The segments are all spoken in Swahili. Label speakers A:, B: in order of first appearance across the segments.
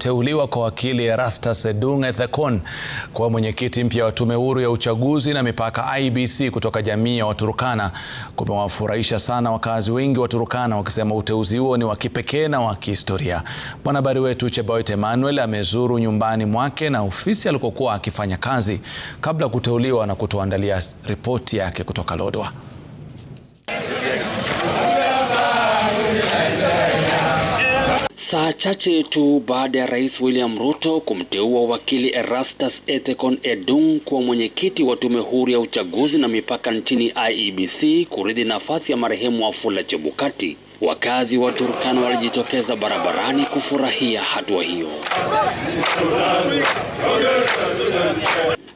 A: Teuliwa kwa wakili Erastus Edung' Ethekon kuwa mwenyekiti mpya wa Tume Huru ya Uchaguzi na Mipaka IEBC kutoka jamii ya waturukana kumewafurahisha sana wakazi wengi wa Turukana, wakisema uteuzi huo ni wa kipekee na wa kihistoria. Mwanahabari wetu Cheboit Emmanuel amezuru nyumbani mwake na ofisi alikokuwa akifanya kazi kabla ya kuteuliwa na kutuandalia ripoti yake kutoka Lodwar.
B: Saa chache tu baada ya Rais William Ruto kumteua wakili Erastus Ethekon Edung kuwa mwenyekiti wa tume huru ya uchaguzi na mipaka nchini IEBC kurithi nafasi ya marehemu Wafula Chebukati, wakazi wa Turkana walijitokeza barabarani kufurahia hatua hiyo.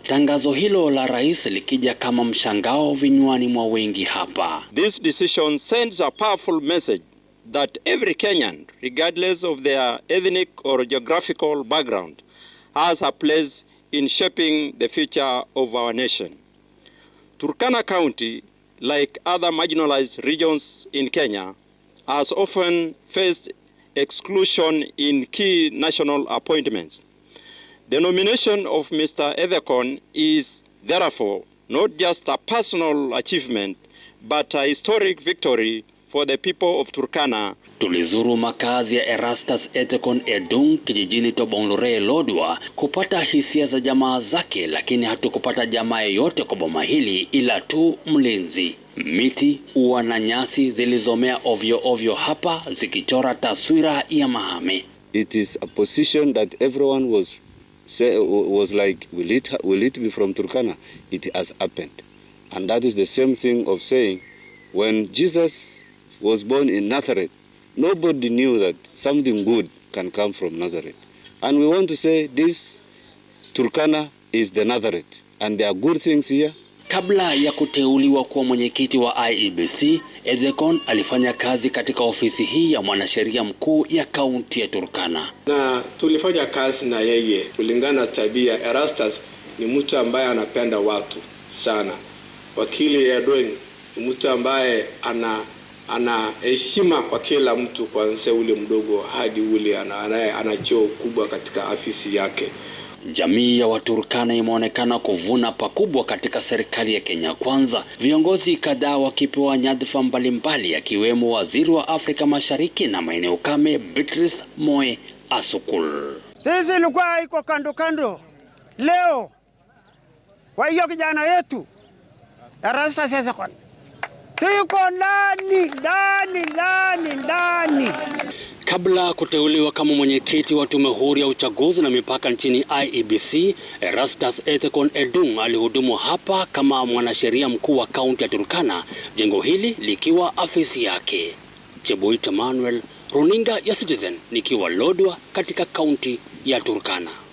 B: Tangazo hilo la rais likija kama mshangao vinywani mwa wengi hapa.
C: This decision sends a powerful message that every Kenyan, regardless of their ethnic or geographical background, has a place in shaping the future of our nation. Turkana County, like other marginalized regions in Kenya, has often faced exclusion in key national appointments. The nomination of Mr. ethercon is therefore not just a personal achievement, but a historic victory for the people of Turkana.
B: Tulizuru makazi ya Erastus Ethekon Edung kijijini Tobong'lore Lodwa kupata hisia za jamaa zake, lakini hatukupata jamaa yoyote kwa boma hili ila tu mlinzi. Miti, ua na nyasi zilizomea ovyo ovyo hapa zikichora taswira ya mahame.
D: It is a position that everyone was say, was like will it, will it be from Turkana? It has happened. And that is the same thing of saying when Jesus was born in Nazareth. Nobody knew that something good can come from Nazareth. And we want to say this Turkana is the Nazareth and there are good things here.
B: Kabla ya kuteuliwa kuwa mwenyekiti wa IEBC, Ezekon alifanya kazi katika ofisi hii ya mwanasheria mkuu ya kaunti ya Turkana.
E: Na tulifanya kazi na yeye kulingana na tabia. Erastus ni mtu ambaye anapenda watu sana. Wakili Edwin ni mtu ambaye ana ana heshima kwa kila mtu, kuanzia ule mdogo hadi ule anaye ana cheo kubwa katika afisi yake.
B: Jamii ya Waturkana imeonekana kuvuna pakubwa katika serikali ya Kenya Kwanza, viongozi kadhaa wakipewa nyadhifa mbalimbali, akiwemo waziri wa Afrika Mashariki na maeneo kame Beatrice Moe Asukul.
F: Sisi ilikuwa iko kando kando, leo kwa hiyo kijana yetu arasa sasa kwani Tuko ndani ndani ndani ndani.
B: Kabla kuteuliwa kama mwenyekiti wa tume huru ya uchaguzi na mipaka nchini IEBC, Erastus Ethekon Edung alihudumu hapa kama mwanasheria mkuu wa kaunti ya Turkana, jengo hili likiwa afisi yake. Cheboit Manuel, runinga ya Citizen, nikiwa Lodwa katika kaunti ya Turkana.